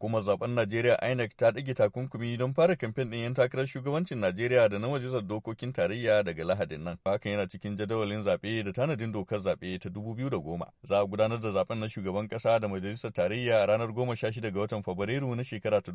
Hukumar zaben Najeriya INEC ta ɗage takunkumi don fara kamfen ɗin 'yan takarar shugabancin Najeriya da na majalisar dokokin tarayya daga Lahadin nan. Hakan yana cikin jadawalin zaɓe da tanadin dokar zaɓe ta da Za a gudanar da zaben na shugaban ƙasa da majalisar tarayya a ranar goma sha shida ga watan Fabrairu na shekara ta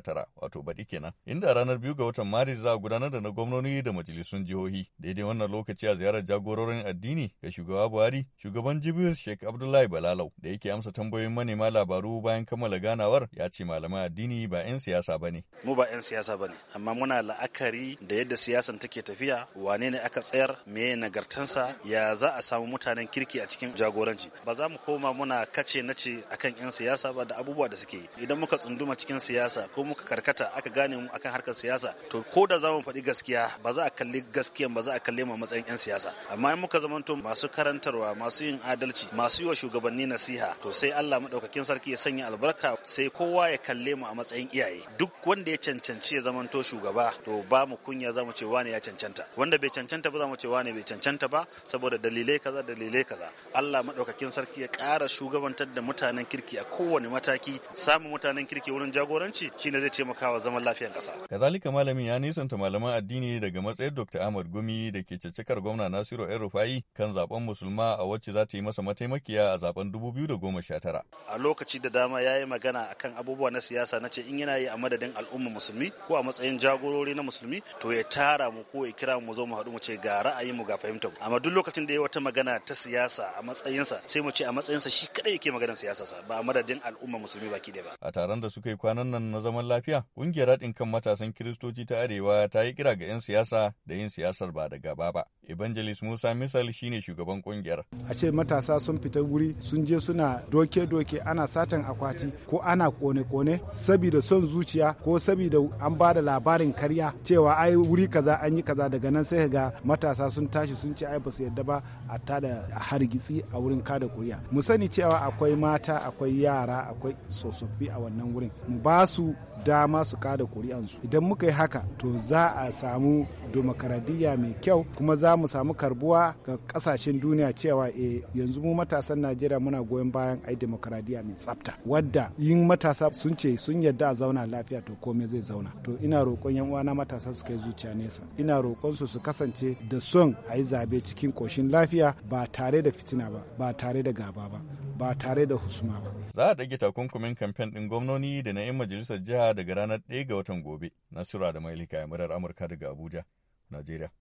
tara wato baɗi kenan. Inda ranar biyu ga watan Maris za a gudanar da na gwamnoni da majalisun jihohi. Daidai wannan lokaci a ziyarar jagororin addini ga shugaba Buhari, shugaban jibril Sheikh Abdullahi Balalau da yake amsa tambayoyin manema labaru bayan kammala ganawa dawar ya ce malama addini ba 'yan siyasa ba ne. Mu ba 'yan siyasa ba ne, amma muna la'akari da yadda siyasan take tafiya wane ne aka tsayar me nagartansa ya za a samu mutanen kirki a cikin jagoranci. Ba za mu koma muna kace na ce akan 'yan siyasa ba da abubuwa da suke yi. Idan muka tsunduma cikin siyasa ko muka karkata aka gane mu akan harkar siyasa to ko da za mu faɗi gaskiya ba za a kalli gaskiyan ba za a kalle mu matsayin 'yan siyasa. Amma in muka zamanto masu karantarwa masu yin adalci masu yi wa shugabanni nasiha to sai Allah maɗaukakin sarki ya sanya albarka sai sai kowa ya kalle mu a matsayin iyaye duk wanda ya cancanci ya zamanto shugaba to ba mu kunya za ce wane ya cancanta wanda bai cancanta ba za ce wane bai cancanta ba saboda dalilai kaza dalilai kaza Allah madaukakin sarki ya kara shugabantar da mutanen kirki a kowane mataki samun mutanen kirki wurin jagoranci shine zai taimakawa zaman lafiyar kasa. kazalika malamin ya nisanta malaman addini daga matsayin Dr. Ahmad Gumi da ke cicikar gwamna Nasiru El Rufai kan zaben musulma a wacce za ta yi masa mataimakiya a zaben 2019 a lokaci da dama yayi magana akan abubuwa na siyasa na ce in yana yi a madadin al'umma musulmi ko a matsayin jagorori na musulmi to ya tara mu ko ya kira mu zo mu haɗu mu ce ga ra'ayin mu ga fahimtar mu amma duk lokacin da ya wata magana ta siyasa a matsayinsa sai mu ce a matsayinsa shi kaɗai yake maganar siyasa sa ba a madadin al'umma musulmi baki ɗaya ba a taron da suka yi kwanan nan na zaman lafiya ƙungiyar haɗin kan matasan kiristoci ta arewa ta yi kira ga 'yan siyasa da yin siyasar ba da gaba ba Evangelist Musa Misal shine shugaban kungiyar. A ce matasa sun fita wuri sun je suna doke-doke ana satan akwati ko ana kone-kone saboda son zuciya ko saboda an ba da labarin karya cewa ai wuri kaza an yi kaza daga nan sai ga matasa sun tashi sun ce ai ba su yadda ba a tada hargitsi a wurin kada kuriya. Mu sani cewa akwai mata akwai yara akwai tsofaffi a wannan wurin. Mu ba su dama su kada kuri'ansu. Idan muka yi haka to za a samu demokaradiyya mai kyau kuma za za mu samu karbuwa ga kasashen duniya cewa e yanzu mu matasan najeriya muna goyon bayan ai demokradiyya mai tsafta wadda yin matasa sun ce sun yadda a zauna lafiya to komai zai zauna to ina roƙon yan uwana matasa su kai zuciya nesa ina roƙon su su kasance da son a yi zabe cikin koshin lafiya ba tare da fitina ba ba tare da gaba ba ba tare da husuma ba za a ɗage takunkumin kamfen ɗin gwamnoni da na 'yan majalisar jiha daga ranar 1 ga watan gobe nasura da mailika ya murar amurka daga abuja najeriya